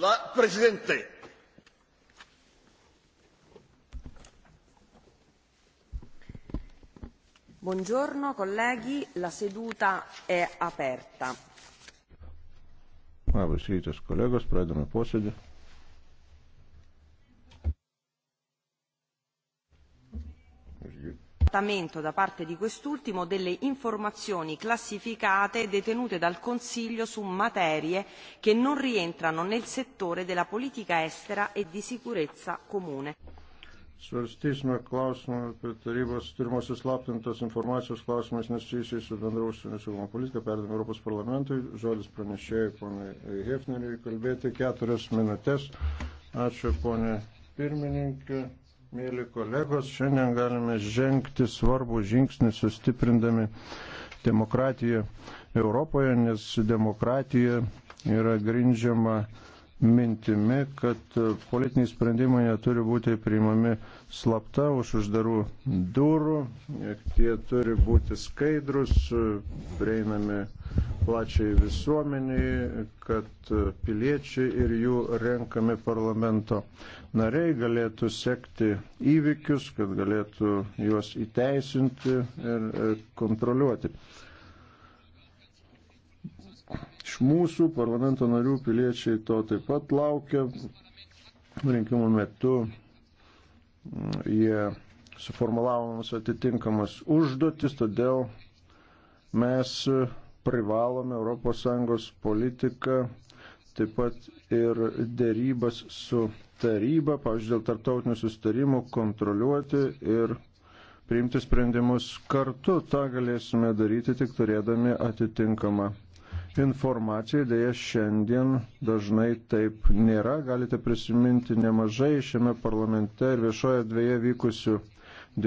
La Presidente. Buongiorno colleghi, la seduta è aperta. Labas rytas kolegos, pradame posėdį. trattamento da parte di quest'ultimo delle informazioni classificate e detenute dal Consiglio su materie che non rientrano nel settore della politica estera e di sicurezza comune. Svarstysime klausimą apie tarybos turimos įslaptintos informacijos klausimais nesusijusiais su bendra užsienio saugumo politika. Perdame Europos parlamentui. Žodis pranešėjai, ponai Hefneriui, kalbėti keturias minutės. Ačiū, ponė pirmininkė. Mėly kolegos, šiandien galime žengti svarbų žingsnį sustiprindami demokratiją Europoje, nes demokratija yra grindžiama mintimi, kad politiniai sprendimai neturi būti priimami slapta už uždarų durų, tie turi būti skaidrus, prieinami plačiai visuomeniai, kad piliečiai ir jų renkami parlamento nariai galėtų sekti įvykius, kad galėtų juos įteisinti ir e, kontroliuoti. Iš mūsų parlamento narių piliečiai to taip pat laukia. Rinkimų metu jie suformulavomus atitinkamas užduotis, todėl mes privalome ES politiką, taip pat ir dėrybas su taryba, pavyzdžiui, dėl tarptautinių sustarimų kontroliuoti ir priimti sprendimus kartu. Ta galėsime daryti tik turėdami atitinkamą informacija, dėja šiandien dažnai taip nėra. Galite prisiminti nemažai šiame parlamente ir viešoje dvieje vykusių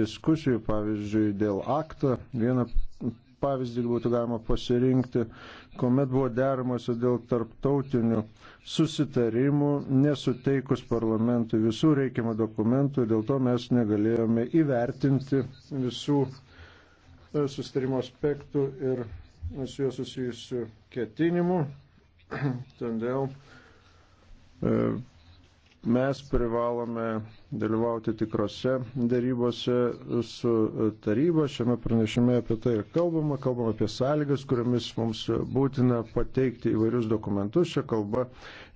diskusijų, pavyzdžiui, dėl aktą. Vieną pavyzdį būtų galima pasirinkti, kuomet buvo deramasi dėl tarptautinių susitarimų, nesuteikus parlamentui visų reikiamų dokumentų, dėl to mes negalėjome įvertinti visų e, susitarimo aspektų ir su juo susijusių ketinimų. Todėl e, mes privalome dalyvauti tikrose darybose su taryba. Šiame pranešime apie tai ir kalbama. Kalbama apie sąlygas, kuriamis mums būtina pateikti įvairius dokumentus. Šia kalba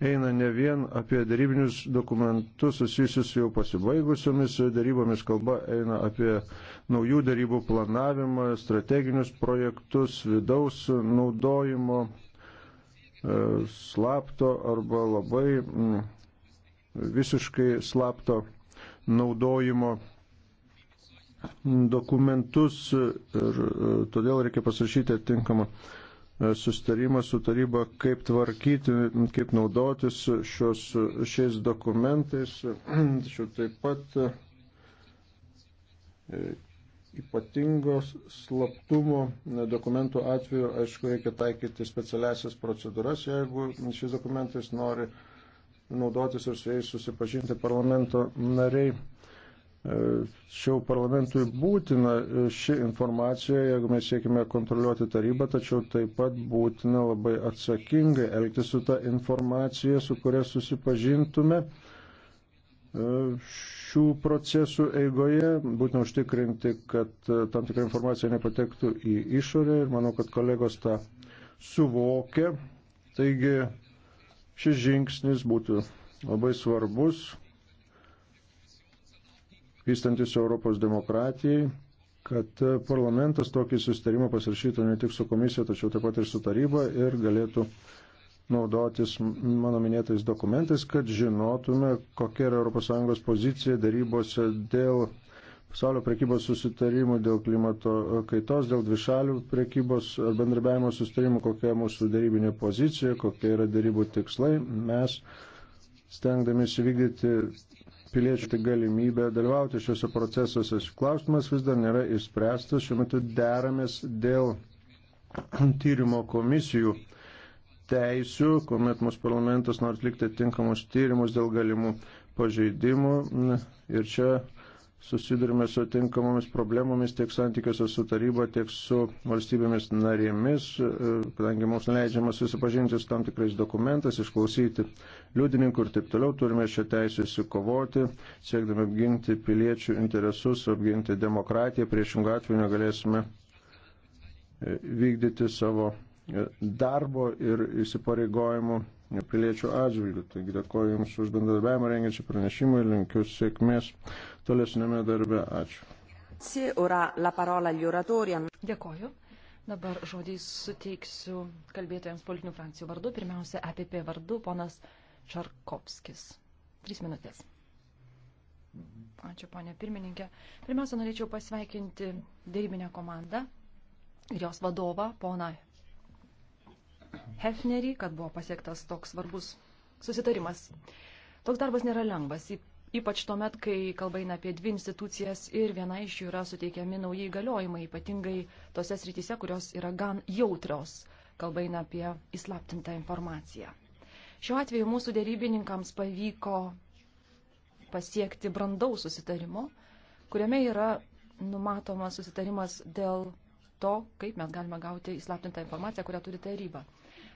eina ne vien apie darybinius dokumentus susijusius jau pasibaigusiomis darybomis. Kalba eina apie naujų darybų planavimą, strateginius projektus, vidaus naudojimo e, slapto arba labai mm, visiškai slapto naudojimo dokumentus ir e, todėl reikia pasirašyti atitinkamą e, sustarimą su taryba, kaip tvarkyti, kaip naudotis šios, šiais dokumentais. Tačiau taip pat e, ypatingos slaptumo dokumentų atveju, aišku, reikia taikyti specialiasias procedūras, jeigu šis dokumentais nori uh, naudotis ir su jais susipažinti parlamento nariai. E, Šiau parlamentui būtina ši informacija, jeigu mes siekime kontroliuoti tarybą, tačiau taip pat būtina labai atsakingai elgtis su ta informacija, su kuria susipažintume e, šių procesų eigoje, būtina užtikrinti, kad e, tam tikra informacija nepatektų į išorę ir manau, kad kolegos tą suvokia. Taigi Šis žingsnis būtų labai svarbus, vystantis Europos demokratijai, kad parlamentas tokį sustarimą pasirašytų ne tik su komisija, tačiau taip pat ir su taryba ir galėtų naudotis mano minėtais dokumentais, kad žinotume, kokia yra ES pozicija darybose dėl pasaulio prekybos susitarimų, dėl klimato kaitos, dėl dvišalių prekybos ar bendrabiavimo susitarimų, kokia mūsų darybinė pozicija, kokie yra darybų tikslai. Mes stengdamėsi vykdyti piliečių galimybę dalyvauti šiuose procesuose. Klausimas vis dar nėra išspręstas. Šiuo metu deramės dėl tyrimo komisijų teisių, kuomet mūsų parlamentas nori atlikti tinkamus tyrimus dėl galimų pažeidimų. Ir čia susidurime su atinkamomis problemomis tiek santykiuose su taryba, tiek su valstybėmis narėmis, e, kadangi mums neleidžiama susipažinti su tam tikrais dokumentais, išklausyti liudininkų ir taip toliau, turime šią teisę įsikovoti, siekdami apginti piliečių interesus, apginti demokratiją, priešingą atveju negalėsime e, vykdyti savo e, darbo ir įsipareigojimų piliečių atžvilgių. Taigi dėkoju Jums už bendradarbiavimą rengiančią pranešimą ir linkiu sėkmės tolesnėme darbe. Ačiū. Dėkoju. Dabar žodį suteiksiu kalbėtojams politinių frakcijų vardu. Pirmiausia, APP vardu ponas Čarkovskis. Trys minutės. Ačiū, ponė pirmininkė. Pirmiausia, norėčiau pasveikinti dėrybinę komandą ir jos vadovą, poną Hefnerį, kad buvo pasiektas toks svarbus susitarimas. Toks darbas nėra lengvas ypač tuo met, kai kalba eina apie dvi institucijas ir viena iš jų yra suteikiami nauji įgaliojimai, ypatingai tose srityse, kurios yra gan jautrios, kalba eina apie įslaptintą informaciją. Šiuo atveju mūsų dėrybininkams pavyko pasiekti brandaus susitarimo, kuriame yra numatomas susitarimas dėl to, kaip mes galime gauti įslaptintą informaciją, kurią turi taryba.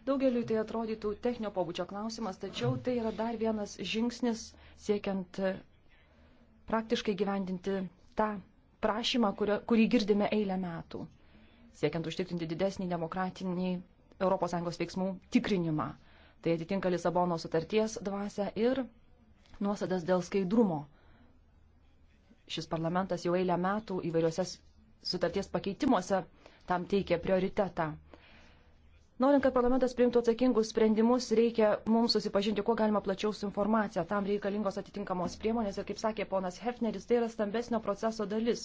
Daugeliu tai atrodytų techninio pobūdžio klausimas, tačiau tai yra dar vienas žingsnis siekiant e, praktiškai gyvendinti tą prašymą, kurio, kurį girdime eilę metų, siekiant užtikrinti didesnį demokratinį ES veiksmų tikrinimą. Tai atitinka Lisabono sutarties dvasę ir nuosadas dėl skaidrumo. Šis parlamentas jau eilę metų įvairiuose sutarties pakeitimuose tam teikia prioritetą. Norint, kad parlamentas priimtų atsakingus sprendimus, reikia mums susipažinti, kuo galima plačiau su informacija. Tam reikalingos atitinkamos priemonės ir, kaip sakė ponas Hefneris, tai yra stambesnio proceso dalis.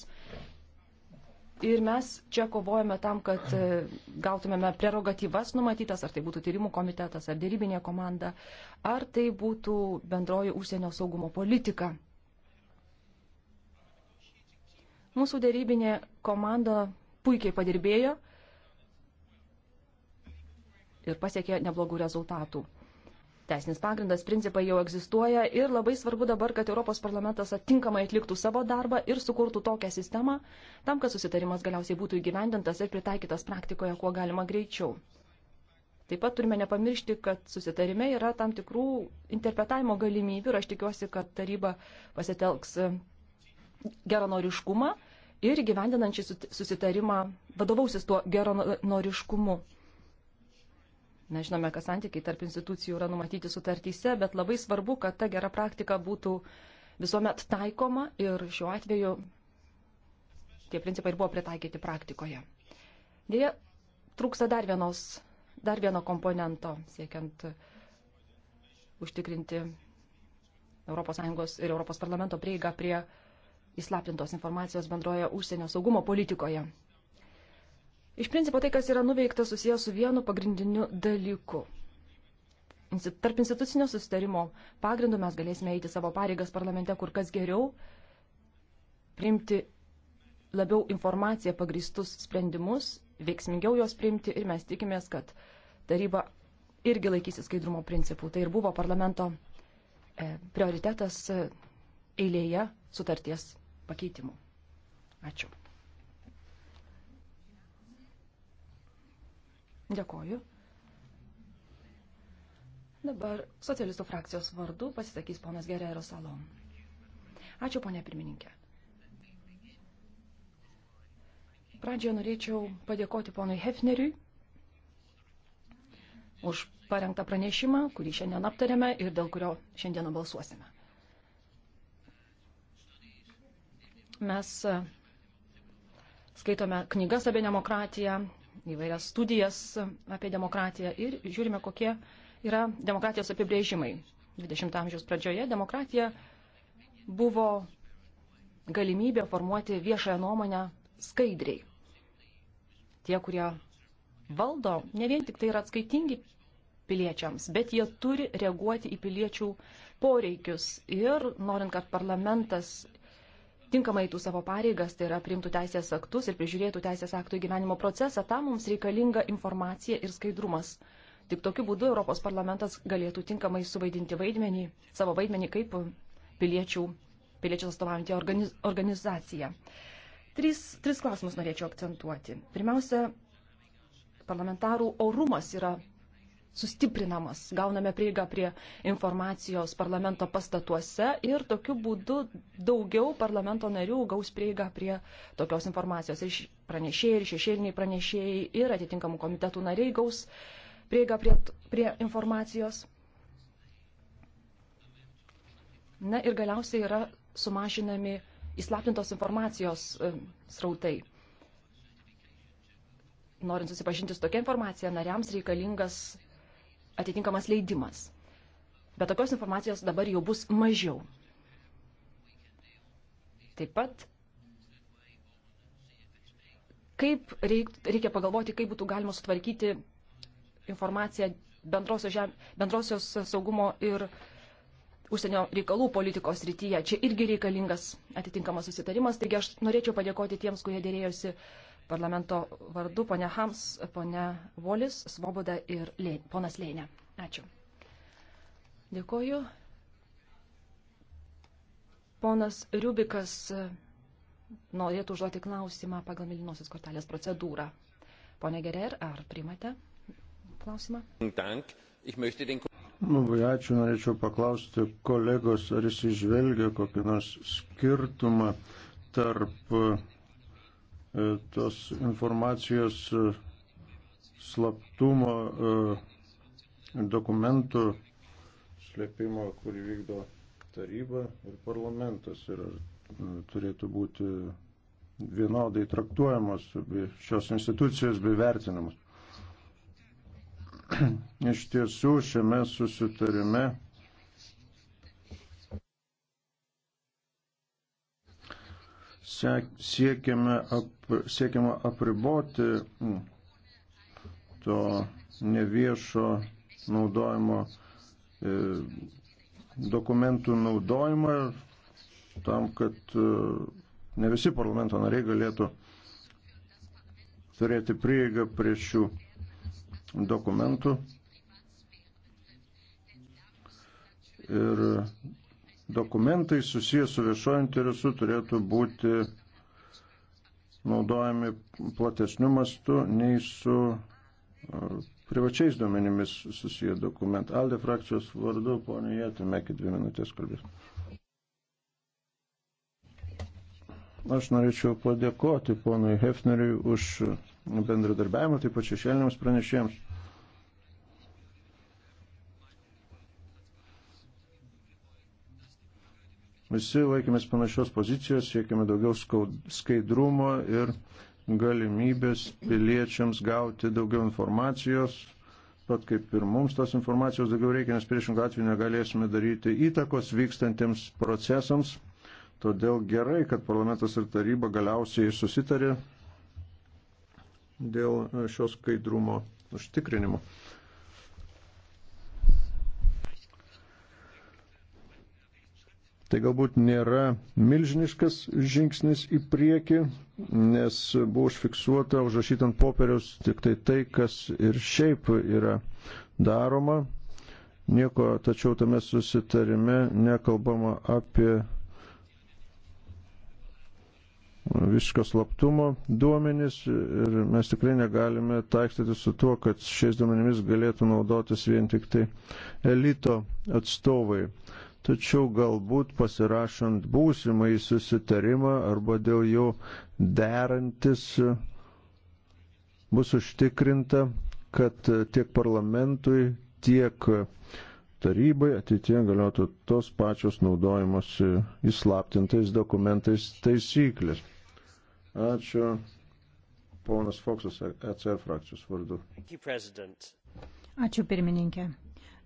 Ir mes čia kovojame tam, kad e, gautumėme prerogatyvas numatytas, ar tai būtų tyrimų komitetas, ar dėrybinė komanda, ar tai būtų bendroji užsienio saugumo politika. Mūsų dėrybinė komanda puikiai padirbėjo ir pasiekė neblogų rezultatų. Teisinis pagrindas, principai jau egzistuoja ir labai svarbu dabar, kad Europos parlamentas atinkamai atliktų savo darbą ir sukurtų tokią sistemą, tam, kad susitarimas galiausiai būtų įgyvendintas ir pritaikytas praktikoje kuo galima greičiau. Taip pat turime nepamiršti, kad susitarime yra tam tikrų interpretavimo galimybių ir aš tikiuosi, kad taryba pasitelks geranoriškumą ir gyvendinant šį susitarimą vadovausis tuo geranoriškumu. Mes žinome, kad santykiai tarp institucijų yra numatyti sutartyse, bet labai svarbu, kad ta gera praktika būtų visuomet taikoma ir šiuo atveju tie principai ir buvo pritaikyti praktikoje. Dėja, trūksta dar, vienos, dar vieno komponento, siekiant užtikrinti ES ir ES parlamento prieigą prie įslaptintos informacijos bendroje užsienio saugumo politikoje. Iš principo tai, kas yra nuveikta, susijęs su vienu pagrindiniu dalyku. Tarp institucinio susitarimo pagrindų mes galėsime eiti savo pareigas parlamente kur kas geriau, priimti labiau informaciją pagristus sprendimus, veiksmingiau juos priimti ir mes tikimės, kad taryba irgi laikysis skaidrumo principų. Tai ir buvo parlamento e, prioritetas e, eilėje sutarties pakeitimų. Ačiū. Dėkoju. Dabar socialistų frakcijos vardu pasisakys ponas Gerero Salom. Ačiū, ponė pirmininkė. Pradžioje norėčiau padėkoti ponui Hefneriui už parengtą pranešimą, kurį šiandien aptarėme ir dėl kurio šiandieną balsuosime. Mes skaitome knygas apie demokratiją, įvairias studijas apie demokratiją ir žiūrime, kokie yra demokratijos apibrėžimai. 20 amžiaus pradžioje demokratija buvo galimybė formuoti viešąją nuomonę skaidriai. Tie, kurie valdo, ne vien tik tai yra atskaitingi piliečiams, bet jie turi reaguoti į piliečių poreikius. Ir norint, kad parlamentas tinkamai tų savo pareigas, tai yra priimtų teisės aktus ir prižiūrėtų teisės aktų įgyvenimo procesą, tam mums reikalinga informacija ir skaidrumas. Tik tokiu būdu Europos parlamentas galėtų tinkamai suvaidinti vaidmenį, savo vaidmenį kaip piliečių, piliečių atstovaujantį organiz, organizaciją. Tris, tris klausimus norėčiau akcentuoti. Pirmiausia, parlamentarų orumas yra sustiprinamas, gauname prieigą prie informacijos parlamento pastatuose ir tokiu būdu daugiau parlamento narių gaus prieigą prie tokios informacijos. Ir pranešėjai, ir šešėliniai pranešėjai, ir atitinkamų komitetų nariai gaus prieigą prie, prie informacijos. Na ir galiausiai yra sumažinami įslaptintos informacijos e, srautai. Norint susipažinti su tokia informacija, nariams reikalingas atitinkamas leidimas. Bet tokios informacijos dabar jau bus mažiau. Taip pat, kaip reik, reikia pagalvoti, kaip būtų galima sutvarkyti informaciją bendrosios, žem, bendrosios saugumo ir užsienio reikalų politikos rytyje. Čia irgi reikalingas atitinkamas susitarimas. Taigi aš norėčiau padėkoti tiems, kurie dėrėjosi uh, parlamento vardu ponia Hams, ponia Volis, Svoboda ir Lė, ponas Lėnė. Ačiū. Dėkoju. Ponas Riubikas e, norėtų užduoti klausimą pagal Milinosios kortelės procedūrą. Pone Gerer, ar primate klausimą? Labai ačiū, norėčiau paklausti kolegos, ar jis išvelgia kokį nors skirtumą tarp E, tos informacijos e, slaptumo e, dokumentų slėpimo, kurį vykdo taryba ir parlamentas ir turėtų būti vienodai traktuojamos šios institucijos bei vertinamos. Iš tiesų šiame susitarime siekiame, ap, siekiame apriboti mm, to neviešo naudojimo, e, dokumentų naudojimą tam, kad e, ne visi parlamento nariai galėtų turėti prieigą prie šių dokumentų. Ir dokumentai susijęs su viešojo interesu turėtų būti naudojami platesniu mastu nei su privačiais duomenimis susiję dokumentai. Alde frakcijos vardu, ponė Jėtumėki, dvi minutės kalbės. Aš norėčiau padėkoti ponui Hefneriui už bendradarbiavimą, taip pat šešėliniams pranešėjams. Visi laikėmės panašios pozicijos, siekėme daugiau skaidrumo ir galimybės piliečiams gauti daugiau informacijos, pat kaip ir mums tos informacijos daugiau reikia, nes priešingų atveju negalėsime daryti įtakos vykstantiems procesams. Todėl gerai, kad parlamentas ir taryba galiausiai susitarė dėl šios skaidrumo užtikrinimo. Tai galbūt nėra milžiniškas žingsnis į priekį, nes buvo užfiksuota, užrašyta ant popieriaus tik tai tai, kas ir šiaip yra daroma. Nieko tačiau tame susitarime nekalbama apie visiško slaptumo duomenys ir mes tikrai negalime taikstyti su tuo, kad šiais duomenimis galėtų naudotis vien tik tai elito atstovai tačiau galbūt pasirašant būsimai susitarimą arba dėl jo derantis bus užtikrinta, kad tiek parlamentui, tiek tarybai ateitie galėtų tos pačios naudojamos įslaptintais dokumentais taisyklės. Ačiū. Ponas Foksas, ECR frakcijos vardu. Ačiū pirmininkė.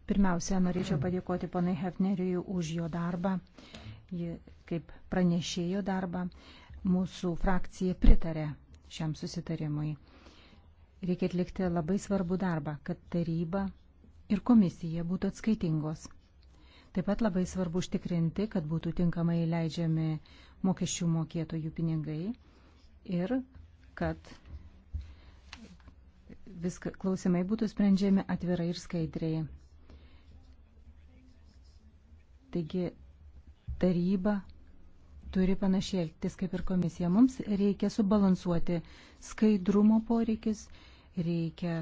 Pirmiausia, norėčiau padėkoti panai Hefneriui už jo darbą, kaip pranešėjo darbą. Mūsų frakcija pritarė šiam susitarimui. Reikia atlikti labai svarbų darbą, kad taryba ir komisija būtų atskaitingos. Taip pat labai svarbu užtikrinti, kad būtų tinkamai leidžiami mokesčių mokėtojų pinigai ir kad viską klausimai būtų sprendžiami atvirai ir skaidriai. Taigi taryba turi panašiai elgtis kaip ir komisija. Mums reikia subalansuoti skaidrumo poreikis, reikia,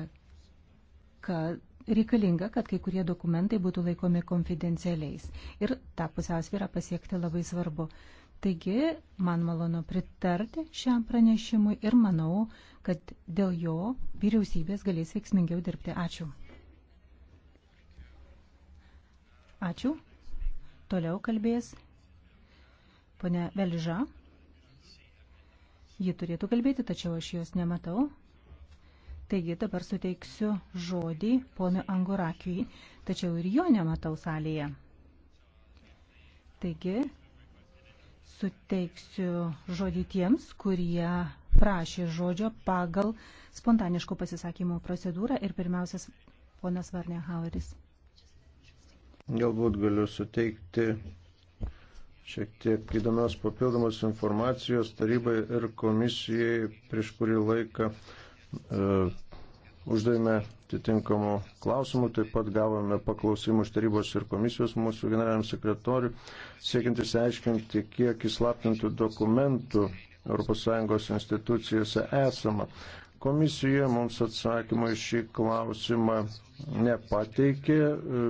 kad reikalinga, kad kai kurie dokumentai būtų laikomi konfidencialiais. Ir tą pusiausvyrą pasiekti labai svarbu. Taigi, man malonu pritarti šiam pranešimui ir manau, kad dėl jo vyriausybės galės veiksmingiau dirbti. Ačiū. Ačiū. Toliau kalbės ponia Velža. Ji turėtų kalbėti, tačiau aš jos nematau. Taigi dabar suteiksiu žodį ponui Angurakiui, tačiau ir jo nematau salėje. Taigi suteiksiu žodį tiems, kurie prašė žodžio pagal spontaniškų pasisakymų procedūrą ir pirmiausias ponas Varne Haueris. Galbūt galiu suteikti šiek tiek įdomios papildomos informacijos tarybai ir komisijai prieš kurį laiką e, uždavėme atitinkamų klausimų, taip pat gavome paklausimų iš tarybos ir komisijos mūsų generaliniam sekretoriui, siekiant įsiaiškinti, kiek įslaptintų dokumentų ES institucijose esama. Komisija mums atsakymą iš šį klausimą nepateikė. E,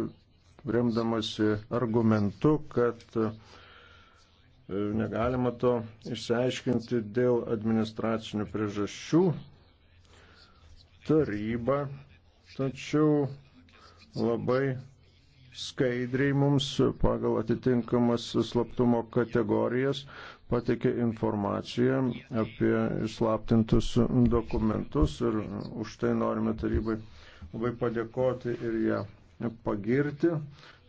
remdamasi argumentu, kad e, negalima to išsiaiškinti dėl administracinių priežasčių. Taryba, tačiau labai skaidriai mums pagal atitinkamas slaptumo kategorijas pateikė informaciją apie išslaptintus dokumentus ir už tai norime tarybai labai padėkoti ir ją pagirti.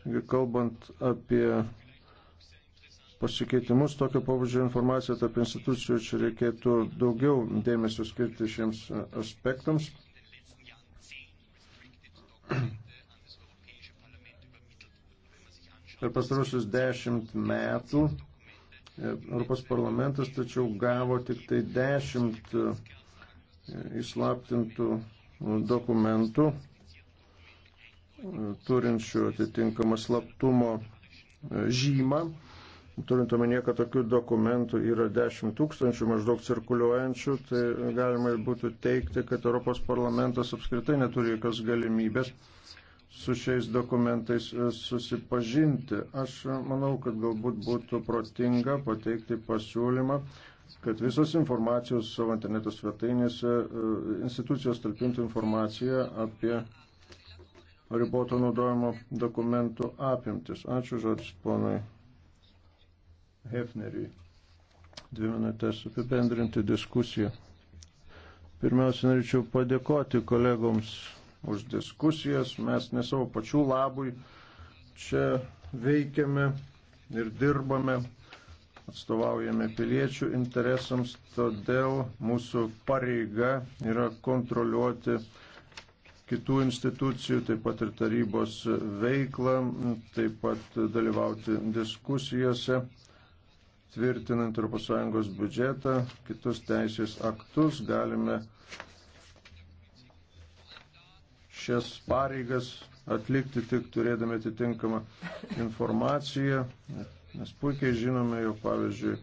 Taigi, kalbant apie pasikeitimus, tokio pabudžio informaciją tarp institucijų, čia reikėtų daugiau dėmesio skirti šiems aspektams. Per pastarusius dešimt metų e, Europos parlamentas tačiau gavo tik tai dešimt e, įslaptintų dokumentų turinčių atitinkamą slaptumo e, žymą. Turint omenyje, kad tokių dokumentų yra 10 tūkstančių maždaug cirkuliuojančių, tai galima būtų teikti, kad Europos parlamentas apskritai neturi jokios galimybės su šiais dokumentais e, susipažinti. Aš manau, kad galbūt būtų protinga pateikti pasiūlymą, kad visos informacijos savo interneto svetainėse e, institucijos talpintų informaciją apie riboto naudojimo dokumentų apimtis. Ačiū žodis ponui Hefneriui. Dvi minutės apibendrinti diskusiją. Pirmiausia, norėčiau padėkoti kolegoms už diskusijas. Mes ne savo pačių labui čia veikiame ir dirbame, atstovaujame piliečių interesams, todėl mūsų pareiga yra kontroliuoti kitų institucijų, taip pat ir tarybos veiklą, taip pat dalyvauti diskusijose, tvirtinant ES biudžetą, kitus teisės aktus, galime šias pareigas atlikti tik turėdami atitinkamą informaciją, nes puikiai žinome, jog pavyzdžiui,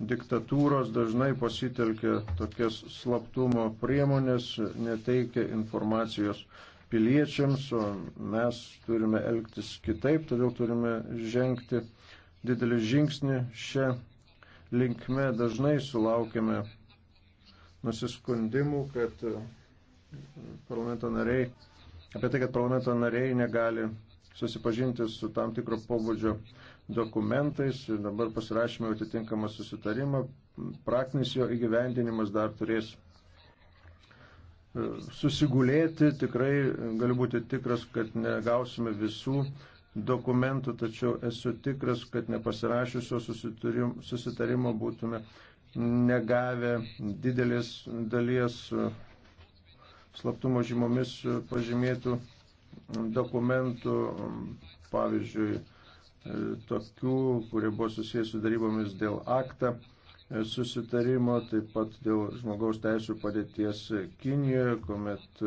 diktatūros dažnai pasitelkia tokias slaptumo priemonės, neteikia informacijos piliečiams, o mes turime elgtis kitaip, todėl turime žengti didelį žingsnį šią linkme. Dažnai sulaukime nusiskundimų, kad parlamento nariai, apie tai, kad parlamento nariai negali susipažinti su tam tikro pobūdžio dokumentais ir dabar pasirašėme atitinkamą susitarimą. Praktinis jo įgyvendinimas dar turės e, susigulėti. Tikrai galiu būti tikras, kad negausime visų dokumentų, tačiau esu tikras, kad nepasirašiusio susitarimo būtume negavę didelės dalies e, slaptumo žymomis e, pažymėtų dokumentų, pavyzdžiui, E, tokių, kurie buvo susijęs su darybomis dėl aktą e, susitarimo, taip pat dėl žmogaus teisų padėties Kinijoje, kuomet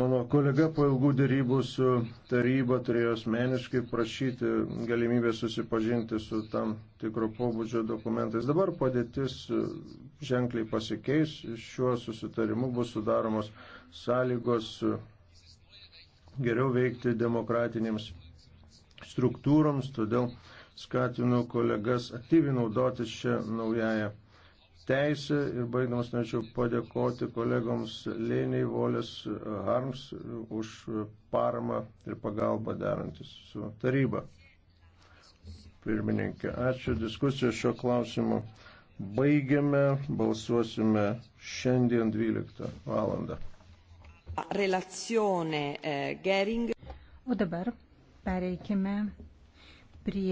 mano kolega po ilgų dėrybų su taryba turėjo asmeniškai prašyti galimybę susipažinti su tam tikro pobūdžio dokumentais. Dabar padėtis ženkliai pasikeis, šiuo susitarimu bus sudaromos sąlygos geriau veikti demokratinėms struktūroms, todėl skatinu kolegas aktyviai naudotis šią naująją teisę ir baigdamas norėčiau padėkoti kolegoms Lėniai Volės Harms už paramą ir pagalbą derantis su taryba. Pirmininkė, ačiū. Diskusiją šio klausimu baigiame. Balsuosime šiandien 12 valandą. Relazione eh, Gering. O dabar Pereikime prie